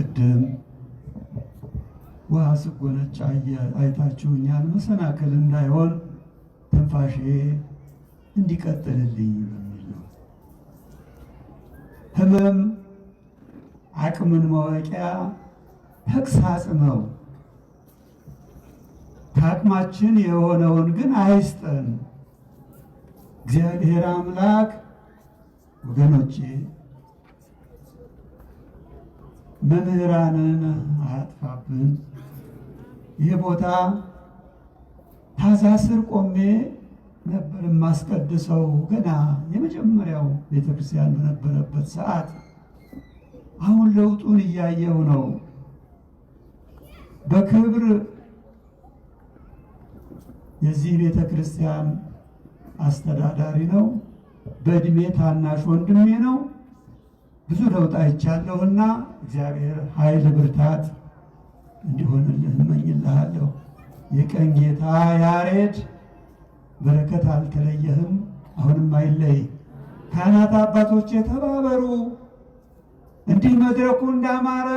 ቅድም ውሃ ስጎነጭ አይታችሁኛል። መሰናክል እንዳይሆን ትንፋሼ እንዲቀጥልልኝ በሚል ነው። ህመም አቅምን ማወቂያ ተግሳጽ ነው። ከአቅማችን የሆነውን ግን አይስጠን እግዚአብሔር አምላክ ወገኖቼ መምህራንን አያጥፋብን። ይህ ቦታ ታዛ ስር ቆሜ ነበር የማስቀድሰው ገና የመጀመሪያው ቤተክርስቲያን በነበረበት ሰዓት። አሁን ለውጡን እያየው ነው። በክብር የዚህ ቤተክርስቲያን አስተዳዳሪ ነው። በእድሜ ታናሽ ወንድሜ ነው። ብዙ ለውጥ አይቻለሁና እግዚአብሔር ኃይል ብርታት እንዲሆንልህ እመኝልሃለሁ። የቀን ጌታ ያሬድ በረከት አልተለየህም፣ አሁንም አይለይ። ካህናት አባቶች የተባበሩ እንዲህ መድረኩ እንዳማረ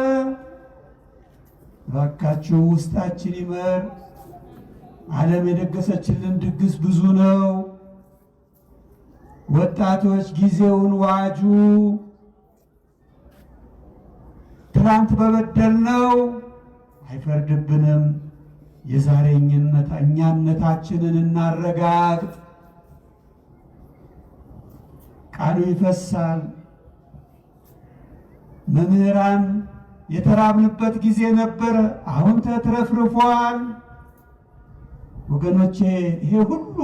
እባካችሁ ውስጣችን ይመር። ዓለም የደገሰችልን ድግስ ብዙ ነው። ወጣቶች ጊዜውን ዋጁ። ትናንት ነው አይፈርድብንም። የዛሬኝነት እኛነታችንን እናረጋግጥ። ቃሉ ይፈሳል። መምህራን የተራብንበት ጊዜ ነበረ፣ አሁን ተትረፍርፏል። ወገኖቼ ይሄ ሁሉ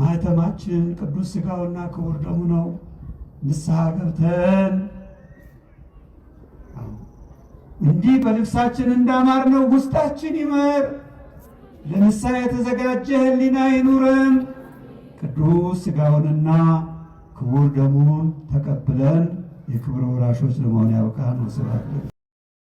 ማህተማችን ቅዱስ ስጋውና ክቡር ደሙ ነው። ንስሐ ገብተን እንዲህ በልብሳችን እንዳማርነው ውስጣችን ይመር። ለንስሐ የተዘጋጀ ሕሊና ይኑረን። ቅዱስ ሥጋውንና ክቡር ደሙን ተቀብለን የክብር ወራሾች ለመሆን ያብቃን። ወስብሐት